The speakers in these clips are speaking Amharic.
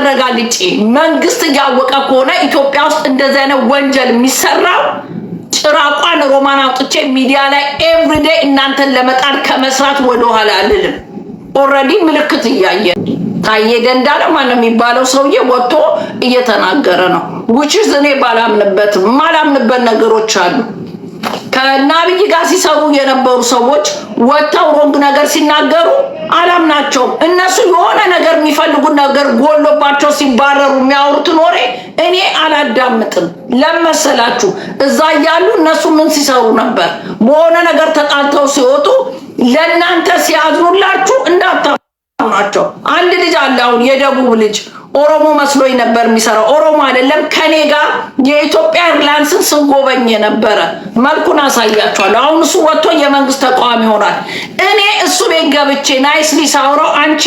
አረጋግጬ መንግስት እያወቀ ከሆነ ኢትዮጵያ ውስጥ እንደዚህ አይነት ወንጀል የሚሰራው ጭራቋን ሮማን አውጥቼ ሚዲያ ላይ ኤቭሪዴይ እናንተን ለመጣል ከመስራት ወደኋላ አልልም። ኦልሬዲ ምልክት እያየ ታየ ደንዳለ ማነው የሚባለው ሰውዬ ወጥቶ እየተናገረ ነው። ውችስ እኔ ባላምንበትም ማላምንበት ነገሮች አሉ። ከናብይ ጋር ሲሰሩ የነበሩ ሰዎች ወጥተው ሮንግ ነገር ሲናገሩ አላምናቸውም። እነሱ የሆነ ነገር የሚፈልጉን ነገር ጎሎባቸው ሲባረሩ የሚያወሩትን ወሬ እኔ አላዳምጥም። ለመሰላችሁ እዛ እያሉ እነሱ ምን ሲሰሩ ነበር? በሆነ ነገር ተጣልተው ሲወጡ ለእናንተ ሲያዝኑላችሁ ናቸው። አንድ ልጅ አለ አሁን የደቡብ ልጅ ኦሮሞ መስሎኝ ነበር የሚሰራው። ኦሮሞ አይደለም። ከኔ ጋር የኢትዮጵያ ኤርላይንስን ስንጎበኝ የነበረ መልኩን አሳያችኋለሁ። አሁን እሱ ወጥቶ የመንግስት ተቃዋሚ ሆኗል። እኔ እሱ ቤት ገብቼ ናይስሊ ሳውረው አንቺ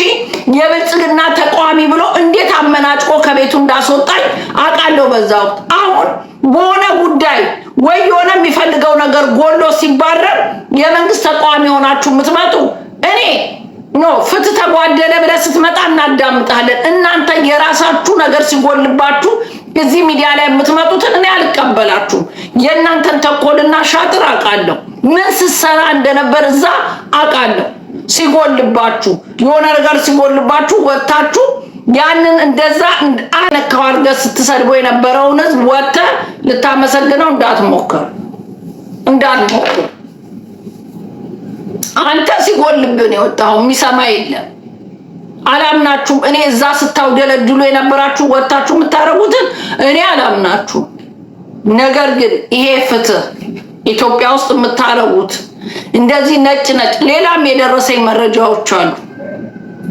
የብልጽግና ተቃዋሚ ብሎ እንዴት አመናጭቆ ከቤቱ እንዳስወጣኝ አውቃለሁ። በዛ ወቅት አሁን በሆነ ጉዳይ ወይ የሆነ የሚፈልገው ነገር ጎሎ ሲባረር የመንግስት ተቃዋሚ ሆናችሁ የምትመጡ እኔ ኖ ፍትህ ተጓደለ ብለህ ስትመጣ እናዳምጣለን። እናንተ የራሳችሁ ነገር ሲጎልባችሁ እዚህ ሚዲያ ላይ የምትመጡትን እኔ አልቀበላችሁም። የእናንተን ተኮልና ሻጥር አውቃለሁ። ምን ስትሰራ እንደነበር እዛ አውቃለሁ። ሲጎልባችሁ የሆነ ነገር ሲጎልባችሁ ወጥታችሁ ያንን እንደዛ አነካው አድርገህ ስትሰድበው የነበረውን ህዝብ ወጥተህ ልታመሰግነው እንዳትሞክር እንዳትሞክር አንተ ሲጎልብን የወጣው የሚሰማ የለም። አላምናችሁም። እኔ እዛ ስታውደለድሉ የነበራችሁ ወጥታችሁ የምታደርጉትን እኔ አላምናችሁም። ነገር ግን ይሄ ፍትህ ኢትዮጵያ ውስጥ የምታረጉት እንደዚህ ነጭ ነጭ፣ ሌላም የደረሰኝ መረጃዎች አሉ።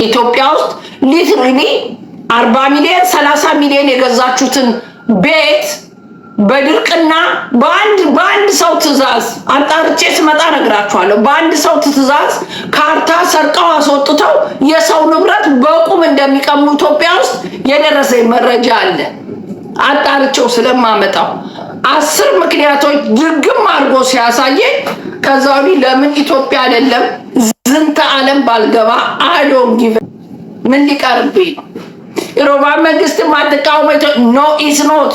ኢትዮጵያ ውስጥ ሊትሪሊ አርባ ሚሊዮን ሰላሳ ሚሊዮን የገዛችሁትን ቤት በድርቅና በአንድ በአንድ ሰው ትዕዛዝ አጣርቼ ስመጣ ነግራችኋለሁ። በአንድ ሰው ትዛዝ ካርታ ሰርቀው አስወጥተው የሰው ንብረት በቁም እንደሚቀሙ ኢትዮጵያ ውስጥ የደረሰኝ መረጃ አለ። አጣርቼው ስለማመጣው አስር ምክንያቶች ድግም አድርጎ ሲያሳየ ከዛ ወዲህ ለምን ኢትዮጵያ አይደለም ዝንተ ዓለም ባልገባ አዶን ጊቭ ምን ሊቀርብኝ ነው? መንግስት ማትቃወመ ኖ ኢስ ኖት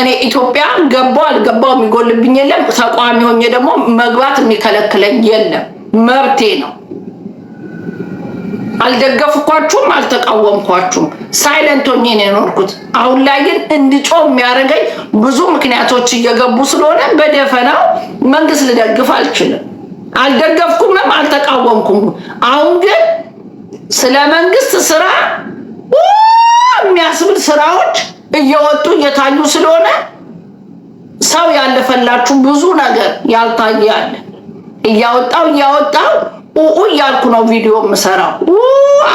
እኔ ኢትዮጵያ ገባው አልገባው የሚጎልብኝ የለም። ተቋሚ ሆኜ ደግሞ መግባት የሚከለክለኝ የለም፣ መብቴ ነው። አልደገፍኳችሁም፣ አልተቃወምኳችሁም። ሳይለንት ሆኜ ነው የኖርኩት። አሁን ላይ ግን እንድጮህ የሚያደርገኝ ብዙ ምክንያቶች እየገቡ ስለሆነ በደፈናው መንግስት ልደግፍ አልችልም። አልደገፍኩም፣ አልተቃወምኩም። አሁን ግን ስለ መንግስት ስራ የሚያስብል ስራዎች እየወጡ እየታዩ ስለሆነ ሰው ያለፈላችሁ ብዙ ነገር ያልታየ እያወጣው እያወጣው ኡኡ እያልኩ ነው ቪዲዮ የምሰራው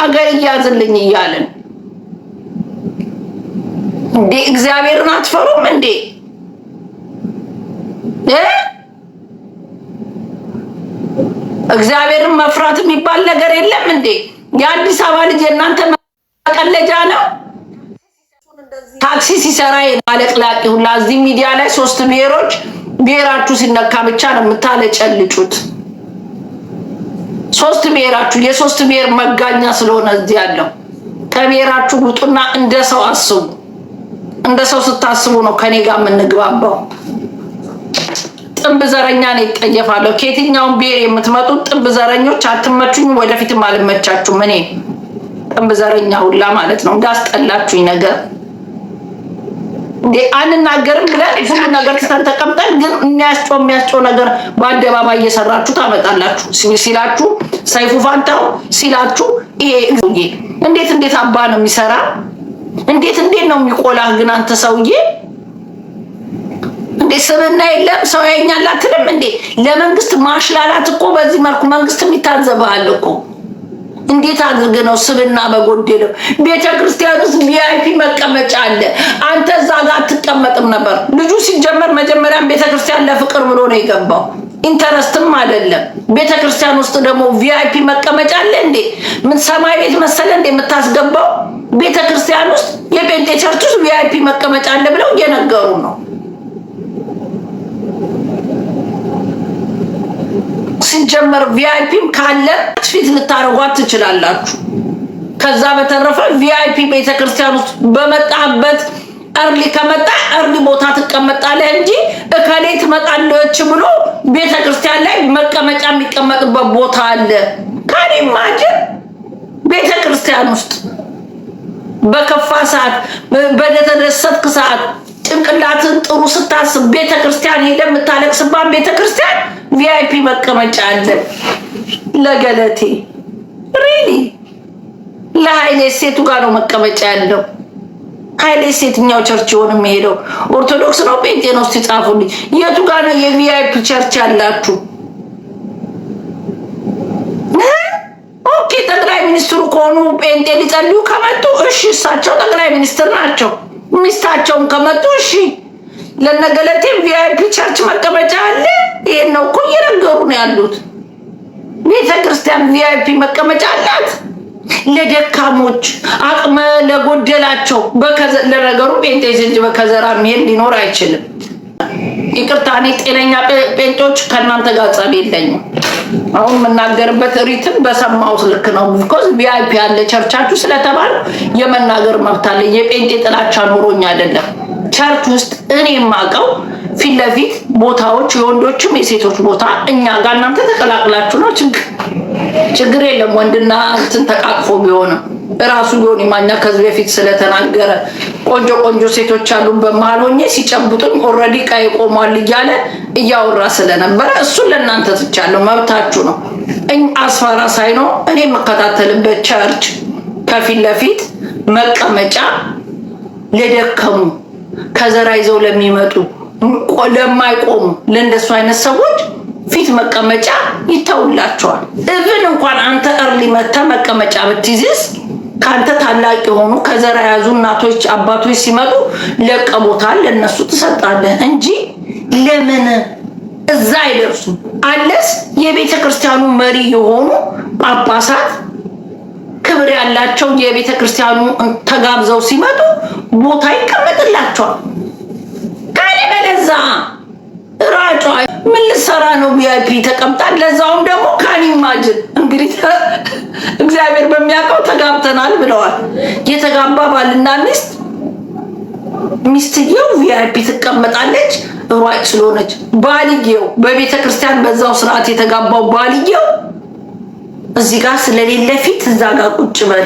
አገር እያዝልኝ እያልን እንዴ እግዚአብሔርን አትፈሩም እንዴ? እግዚአብሔርን መፍራት የሚባል ነገር የለም እንዴ? የአዲስ አበባ ልጅ የእናንተ መቀለጃ ነው። ታክሲ ሲሰራ ማለቅላቂ ሁላ እዚህ ሚዲያ ላይ ሶስት ብሔሮች ብሔራችሁ ሲነካ ብቻ ነው የምታለጨልጩት። ሶስት ብሔራችሁ የሶስት ብሔር መጋኛ ስለሆነ እዚህ ያለው ከብሔራችሁ ውጡና እንደ ሰው አስቡ። እንደ ሰው ስታስቡ ነው ከኔ ጋር የምንግባባው። ጥንብ ዘረኛ ነው ይጠየፋለሁ። ከየትኛውን ብሔር የምትመጡት ጥንብ ዘረኞች አትመቹኝ፣ ወደፊትም አልመቻችሁም። እኔ ጥንብ ዘረኛ ሁላ ማለት ነው እንዳስጠላችሁኝ ነገር እንዴ አንናገርም ብለን ሁሉ ነገር ትተን ተቀምጠን፣ ግን የሚያስጮ የሚያስጮ ነገር በአደባባይ እየሰራችሁ ታመጣላችሁ ሲላችሁ ሰይፉ ፋንታው ሲላችሁ ይሄ እንዴት እንዴት አባ ነው የሚሰራ እንዴት እንዴት ነው የሚቆላህ? ግን አንተ ሰውዬ እንዴ ስምና የለም ሰው ያኛላትንም እንዴ ለመንግስት ማሽላላት እኮ በዚህ መልኩ መንግስት የሚታዘበሃል እኮ እንዴት አድርገ ነው ስብና በጎደለው ቤተ ክርስቲያን ውስጥ ቪአይፒ መቀመጫ አለ። አንተ እዛ ጋር አትቀመጥም ነበር። ልጁ ሲጀመር መጀመሪያም ቤተ ክርስቲያን ለፍቅር ብሎ ነው የገባው። ኢንተረስትም አይደለም። ቤተ ክርስቲያን ውስጥ ደግሞ ቪአይፒ መቀመጫ አለ እንዴ? ምን ሰማይ ቤት መሰለ እንዴ የምታስገባው? ቤተ ክርስቲያን ውስጥ የጴንጤ ቸርች ውስጥ ቪአይፒ መቀመጫ አለ ብለው እየነገሩ ነው። ሲጀመር ቪአይፒም ካለ ፊት ልታደርጓት ትችላላችሁ። ከዛ በተረፈ ቪአይፒ ቤተክርስቲያን ውስጥ በመጣበት እርሊ ከመጣ እርሊ ቦታ ትቀመጣለህ እንጂ እከሌ ትመጣለች ብሎ ቤተክርስቲያን ላይ መቀመጫ የሚቀመጥበት ቦታ አለ። ካኔ ማጅን ቤተክርስቲያን ውስጥ በከፋ ሰዓት፣ በተደሰትክ ሰዓት ጭንቅላትን ጥሩ ስታስብ ቤተ ክርስቲያን ሄደ የምታለቅስባን ቤተ ክርስቲያን ቪአይፒ መቀመጫ አለ። ለገለቴ ሪሊ ለሀይሌ ሴቱ ጋር ነው መቀመጫ ያለው። ሀይሌ ሴትኛው ቸርች ሆን የሚሄደው ኦርቶዶክስ ነው ጴንጤ ነው? እስቲ ጻፉልኝ። የቱ ጋር ነው የቪአይፒ ቸርች ያላችሁ? ኦኬ ጠቅላይ ሚኒስትሩ ከሆኑ ጴንጤ ሊጸልዩ ከመጡ እሺ፣ እሳቸው ጠቅላይ ሚኒስትር ናቸው። ሚስታቸውን ከመጡ እሺ፣ ለነገለቴም ቪአይፒ ቸርች መቀመጫ አለ። ይሄን ነው እኮ እየነገሩ ነው ያሉት። ቤተ ክርስቲያን ቪአይፒ መቀመጫ አላት ለደካሞች አቅመ ለጎደላቸው። ለነገሩ ጴንጤ በከዘራ ሚሄድ ሊኖር አይችልም። ይቅርታ እኔ ጤነኛ ጴንጮች ከእናንተ ጋር ጸብ የለኝም። አሁን የምናገርበት ሪትም በሰማሁት ልክ ነው። ቢኮዝ ቪአይፒ አለ ቸርቻችሁ ስለተባለ የመናገር መብት አለ። የጴንጤ ጥላቻ ኖሮኝ አይደለም። ቸርች ውስጥ እኔ የማውቀው ፊት ለፊት ቦታዎች የወንዶችም የሴቶች ቦታ እኛ ጋር እናንተ ተቀላቅላችሁ ነው። ችግር የለም። ወንድና እንትን ተቃቅፎ ቢሆንም ራሱ ዮኒ ማኛ ከዚህ በፊት ስለተናገረ ቆንጆ ቆንጆ ሴቶች አሉን በመሃል ሆኜ ሲጨብጡኝ ኦልሬዲ ቀይ ቆሟል እያለ እያወራ ስለነበረ እሱን ለእናንተ ትቻለሁ፣ መብታችሁ ነው። አስፋራ ሳይኖ እኔ የምከታተልበት ቸርች ከፊት ለፊት መቀመጫ ለደከሙ ከዘራ ይዘው ለሚመጡ ለማይቆሙ ለእንደሱ አይነት ሰዎች ፊት መቀመጫ ይተውላቸዋል። እብን እንኳን አንተ እርሊ መታ መቀመጫ ብትይዝስ ከአንተ ታላቅ የሆኑ ከዘራ የያዙ እናቶች አባቶች ሲመጡ ለቀ ቦታ ለእነሱ ትሰጣለህ እንጂ ለምን እዛ አይደርሱም። አለስ የቤተ ክርስቲያኑ መሪ የሆኑ ጳጳሳት ክብር ያላቸው የቤተ ክርስቲያኑ ተጋብዘው ሲመጡ ቦታ ይቀመጥላቸዋል። ካለበለዚያ ምን ልትሰራ ነው? ቪአይፒ ተቀምጣ ለዛውም ደግሞ ካን ኢማጅን እንግዲህ እግዚአብሔር በሚያውቀው ተጋብተናል ብለዋል። የተጋባ ባልና ሚስት ሚስትየው ቪአይፒ ትቀመጣለች ሯጭ ስለሆነች፣ ባልየው በቤተ ክርስቲያን በዛው ስርዓት የተጋባው ባልየው እዚህ ጋር ስለሌለ ፊት እዛ ጋር ቁጭ በል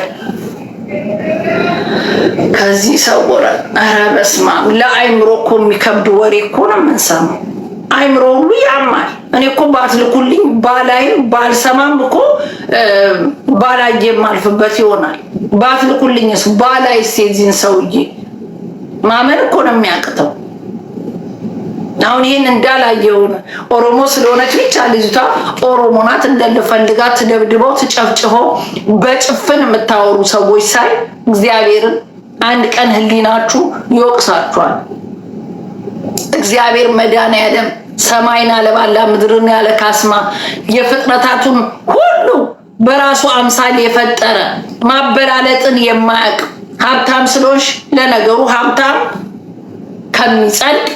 ከዚህ ሰው ረ በስመ ለአይምሮ እኮ የሚከብድ ወሬ እኮ ነው የምንሰማው። አይምሮ ሁሉ ያማል። እኔ እኮ ባትልኩልኝ ባላይም ባልሰማም እኮ ባላየ የማልፍበት ይሆናል። ባትልኩልኝስ ባላይስ የዚህን ሰውዬ ማመን እኮ ነው የሚያቅተው። አሁን ይህን እንዳላየውን ኦሮሞ ስለሆነች ብቻ ልጅቷ ኦሮሞ ናት እንደልፈልጋት ትደብድበው ትጨፍጭፈው በጭፍን የምታወሩ ሰዎች ሳይ እግዚአብሔርን አንድ ቀን ህሊናችሁ ይወቅሳችኋል። እግዚአብሔር መድኃኒዓለም ሰማይን አለባላ ምድርን ያለ ካስማ የፍጥረታቱን ሁሉ በራሱ አምሳል የፈጠረ ማበላለጥን የማያውቅ ሀብታም ስለሆንሽ ለነገሩ ሀብታም ከሚጸድቅ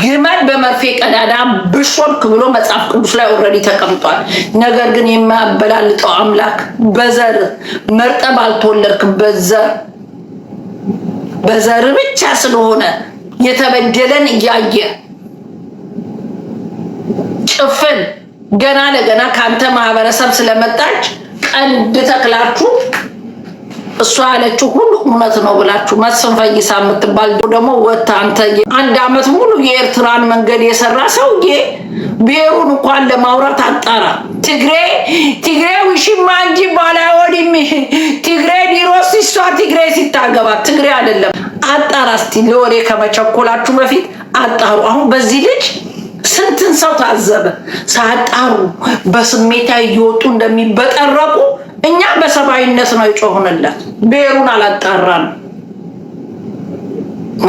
ግመል በመርፌ ቀዳዳ ብሾልክ ብሎ መጽሐፍ ቅዱስ ላይ ኦልሬዲ ተቀምጧል። ነገር ግን የማያበላልጠው አምላክ በዘር መርጠ ባልተወለድክበት ዘር በዘር ብቻ ስለሆነ የተበደለን እያየ ጭፍን ገና ለገና ከአንተ ማህበረሰብ ስለመጣች ቀንድ ተክላችሁ እሷ ያለችው ሁሉ እውነት ነው ብላችሁ መስፍን ፈይሳ የምትባል ደግሞ ወጥታ አንተ አንድ አመት ሙሉ የኤርትራን መንገድ የሰራ ሰውዬ ብሔሩን እንኳን ለማውራት አጣራ ትግሬ ትግሬ ሽማ እንጂ ባላ ወዲም ትግሬ ዲሮስ እሷ ትግሬ ሲታገባ ትግሬ አይደለም። አጣራ እስቲ ለወሬ ከመቸኮላችሁ በፊት አጣሩ። አሁን በዚህ ልጅ ስንትን ሰው ታዘበ። ሳጣሩ በስሜታ እየወጡ እንደሚበጠረቁ እኛ በሰብአዊነት ነው የጮሁንለት። ብሔሩን አላጣራን።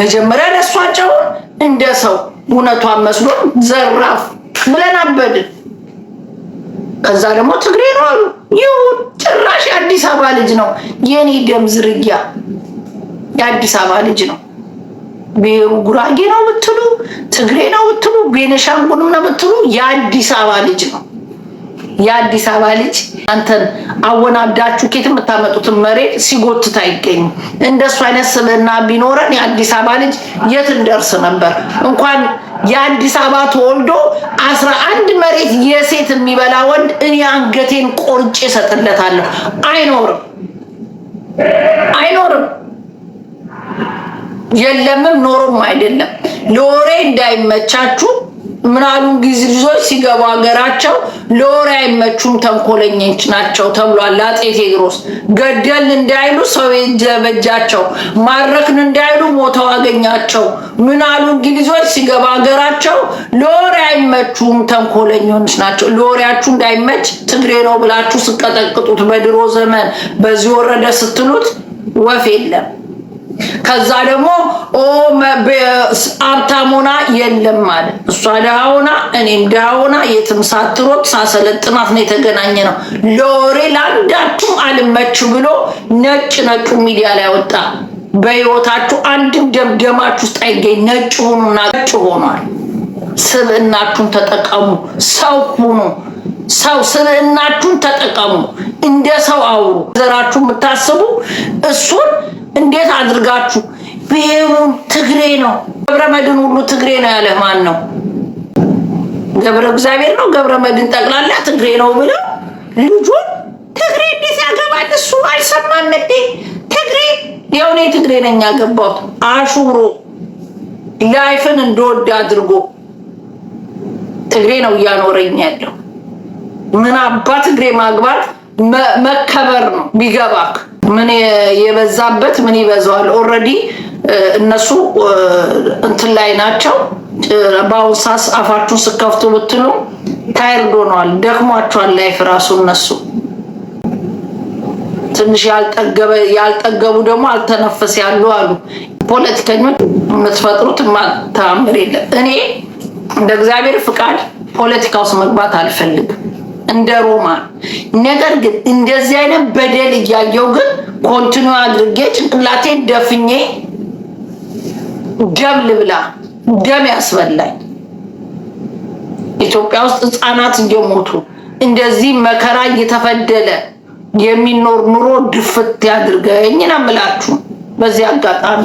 መጀመሪያ ለእሷ እንደ ሰው እውነቷን መስሎን ዘራፍ ብለን አበድን። ከዛ ደግሞ ትግሬ ነው ይሁን ጭራሽ የአዲስ አበባ ልጅ ነው። የኔ ደም ዝርያ የአዲስ አበባ ልጅ ነው። ብሔሩ ጉራጌ ነው ብትሉ፣ ትግሬ ነው ብትሉ፣ ቤነሻንጉልም ነው ብትሉ የአዲስ አበባ ልጅ ነው። የአዲስ አበባ ልጅ አንተን አወናብዳችሁ ኬት የምታመጡትን መሬት ሲጎትት አይገኝም። እንደሱ አይነት ስብዕና ቢኖረን የአዲስ አበባ ልጅ የት እንደርስ ነበር እንኳን የአዲስ አበባ ተወልዶ አስራ አንድ መሬት የሴት የሚበላ ወንድ እኔ አንገቴን ቆርጬ እሰጥለታለሁ። አይኖርም አይኖርም፣ የለምም ኖሮም አይደለም። ለወሬ እንዳይመቻችሁ ምናሉ ጊዜ ልጆች ሲገቡ ሀገራቸው ለወሬ አይመቹም፣ ተንኮለኞች ናቸው ተብሏል። አጼ ቴዎድሮስ ገደል እንዳይሉ ሰው የጀበጃቸው፣ ማረክን እንዳይሉ ሞተው አገኛቸው። ምናሉ እንግሊዞች ሲገቡ ሀገራቸው ለወሬ አይመቹም፣ ተንኮለኞች ናቸው። ለወሬያችሁ እንዳይመች ትግሬ ነው ብላችሁ ስቀጠቅጡት በድሮ ዘመን በዚህ ወረደ ስትሉት ወፍ የለም። ከዛ ደግሞ ሀብታም የለም አለ። እሷ ድሃ እኔም የትም ሳትሮጥ ሳሰለጥናት ነው የተገናኘ ነው። ለወሬ ለአንዳችሁም አልመች ብሎ ነጭ ነጩ ሚዲያ ላይ ወጣ። በህይወታችሁ አንድም ደምደማችሁ ውስጥ አይገኝ። ነጭ ሆኑና ነጭ ሆኗል። ስብዕናችሁን ተጠቀሙ። ሰው ሁኑ። ሰው ስብዕናችሁን ተጠቀሙ። እንደ ሰው አውሩ። ዘራችሁ የምታስቡ እሱን እንዴት አድርጋችሁ ብሔሩን ትግሬ ነው ገብረ መድን ሁሉ ትግሬ ነው ያለ ማን ነው? ገብረ እግዚአብሔር ነው ገብረ መድን ጠቅላላ ትግሬ ነው ብለው ልጁን ትግሬ እንዴት ያገባል? እሱ አልሰማም እንዴ? ትግሬ የውኔ ትግሬ ነኝ ያገባሁት አሹሮ ላይፍን እንደወድ አድርጎ ትግሬ ነው እያኖረኝ ያለው ምን አባ ትግሬ ማግባት መከበር ነው ቢገባክ። ምን የበዛበት ምን ይበዛዋል? ኦልሬዲ እነሱ እንትን ላይ ናቸው። በአውሳስ አፋችሁን ስከፍቱ ብትሉ ታይርድ ሆነዋል፣ ደክሟቸዋል። ላይፍ ራሱ እነሱ ትንሽ ያልጠገቡ ደግሞ አልተነፈስ ያሉ አሉ። ፖለቲከኞች የምትፈጥሩት ማታምር የለም። እኔ እንደ እግዚአብሔር ፍቃድ ፖለቲካ ውስጥ መግባት አልፈልግም። እንደ ሮማ ነገር ግን እንደዚህ አይነት በደል እያየው ግን ኮንቲኒ አድርጌ ጭንቅላቴን ደፍኜ ደም ልብላ፣ ደም ያስበላኝ። ኢትዮጵያ ውስጥ ህፃናት እየሞቱ እንደዚህ መከራ እየተፈደለ የሚኖር ኑሮ ድፍት ያድርገኝ ነው የምላችሁ። በዚህ አጋጣሚ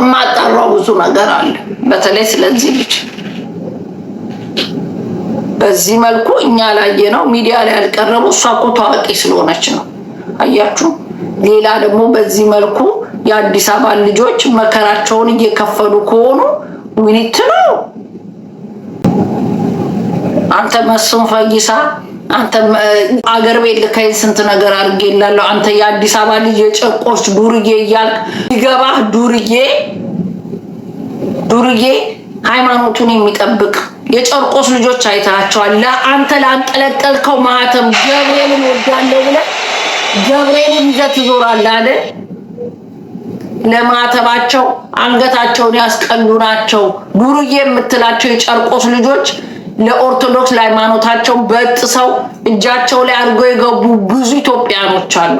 እማጣራው ብዙ ነገር አለ፣ በተለይ ስለዚህ ልጅ በዚህ መልኩ እኛ ላየ ነው ሚዲያ ላይ ያልቀረቡ። እሷ እኮ ታዋቂ ስለሆነች ነው። አያችሁ። ሌላ ደግሞ በዚህ መልኩ የአዲስ አበባ ልጆች መከራቸውን እየከፈሉ ከሆኑ ዊኒት ነው። አንተ መስፍን ፈይሳ አንተ አገር ቤት ልካይ ስንት ነገር አድርጌላለሁ። አንተ የአዲስ አበባ ልጅ የጨቆች ዱርዬ እያልክ ይገባህ። ዱርዬ ዱርዬ ሃይማኖቱን የሚጠብቅ የጨርቆስ ልጆች አይታቸዋል። ለአንተ ለአንጠለጠልከው ማህተም ገብርኤልን ወዳለው ብለህ ገብርኤልን ይዘህ ትዞራለህ አይደል? ለማህተባቸው አንገታቸውን ያስቀሉ ናቸው። ዱርዬ የምትላቸው የጨርቆስ ልጆች ለኦርቶዶክስ ለሃይማኖታቸውን በጥሰው እጃቸው ላይ አድርገው የገቡ ብዙ ኢትዮጵያኖች አሉ።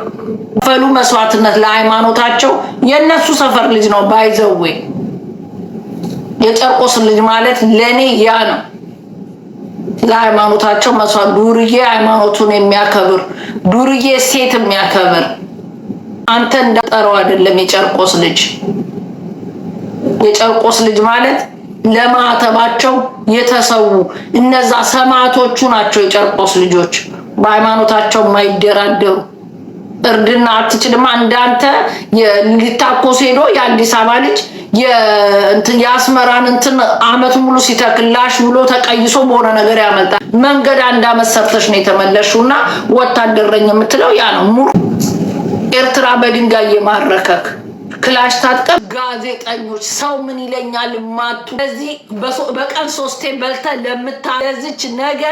ፈሉ መስዋዕትነት ለሃይማኖታቸው የእነሱ ሰፈር ልጅ ነው ባይዘዌ የጨርቆስ ልጅ ማለት ለእኔ ያ ነው። ለሃይማኖታቸው መስዋ ዱርዬ፣ ሃይማኖቱን የሚያከብር ዱርዬ፣ ሴት የሚያከብር አንተ እንዳጠረው አይደለም። የጨርቆስ ልጅ የጨርቆስ ልጅ ማለት ለማዕተባቸው የተሰዉ እነዛ ሰማዕቶቹ ናቸው። የጨርቆስ ልጆች በሃይማኖታቸው የማይደራደሩ እርድና አትችልም። አንዳንተ ሊታኮስ ሄዶ የአዲስ አበባ ልጅ የአስመራን እንትን አመት ሙሉ ሲተክላሽ ብሎ ተቀይሶ በሆነ ነገር ያመጣል መንገድ አንድ ሰርተሽ ነው የተመለሽው እና ወታደረኝ የምትለው ያ ነው። ሙሉ ኤርትራ በድንጋይ የማረከክ ክላሽ ታጥቀ ጋዜጠኞች ሰው ምን ይለኛል ማቱ ለዚህ በቀን ሶስቴ በልተ ለምታ ለዚች ነገ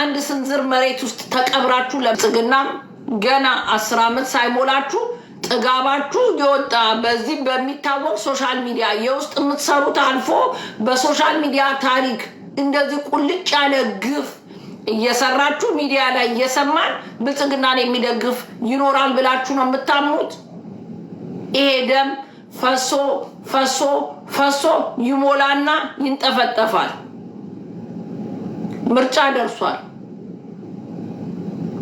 አንድ ስንዝር መሬት ውስጥ ተቀብራችሁ ለብልጽግና ገና አስር አመት ሳይሞላችሁ ጥጋባችሁ የወጣ በዚህ በሚታወቅ ሶሻል ሚዲያ የውስጥ የምትሰሩት አልፎ በሶሻል ሚዲያ ታሪክ እንደዚህ ቁልጭ ያለ ግፍ እየሰራችሁ ሚዲያ ላይ እየሰማን ብልጽግናን የሚደግፍ ይኖራል ብላችሁ ነው የምታምኑት? ይሄ ደም ፈሶ ፈሶ ፈሶ ይሞላና ይንጠፈጠፋል። ምርጫ ደርሷል።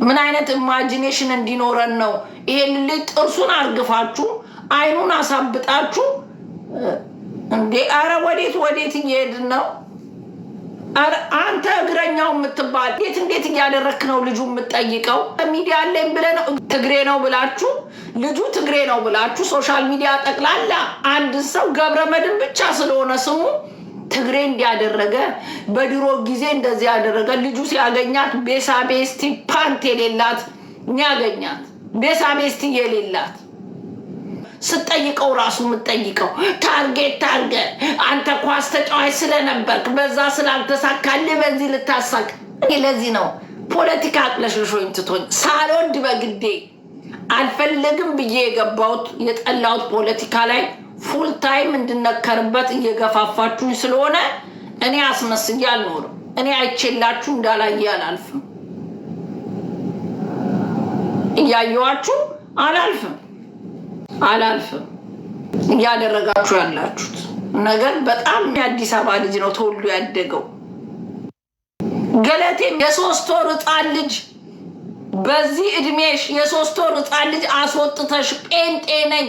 ምን አይነት ኢማጂኔሽን እንዲኖረን ነው? ይሄን ልጅ ጥርሱን አርግፋችሁ አይኑን አሳብጣችሁ እንዴ! አረ ወዴት ወዴት እየሄድን ነው? አንተ እግረኛው የምትባል እንዴት እንዴት እያደረክ ነው? ልጁ የምትጠይቀው ሚዲያ አለኝ ብለህ ነው። ትግሬ ነው ብላችሁ ልጁ ትግሬ ነው ብላችሁ ሶሻል ሚዲያ ጠቅላላ አንድ ሰው ገብረ መድን ብቻ ስለሆነ ስሙ ትግሬ እንዲያደረገ በድሮ ጊዜ እንደዚህ ያደረገ ልጁ ሲያገኛት ቤሳቤስቲ ፓንት የሌላት ያገኛት ቤሳቤስቲ የሌላት ስጠይቀው ራሱ የምጠይቀው ታርጌት ታርጌት አንተ ኳስ ተጫዋች ስለነበርክ በዛ ስላልተሳካልህ በዚህ ልታሳቅ። ለዚህ ነው ፖለቲካ አቅለሽልሾኝ ትቶኝ ሳልወድ በግዴ አልፈልግም ብዬ የገባሁት የጠላሁት ፖለቲካ ላይ ፉል ታይም እንድነከርበት እየገፋፋችሁኝ ስለሆነ እኔ አስመስዬ አልኖርም። እኔ አይቼላችሁ እንዳላየ አላልፍም። እያየዋችሁ አላልፍም አላልፍም። እያደረጋችሁ ያላችሁት ነገር በጣም የአዲስ አበባ ልጅ ነው ተወልዶ ያደገው ገለቴም የሶስት ወር ህፃን ልጅ በዚህ እድሜሽ የሶስት ወር ህፃን ልጅ አስወጥተሽ ጴንጤ ነኝ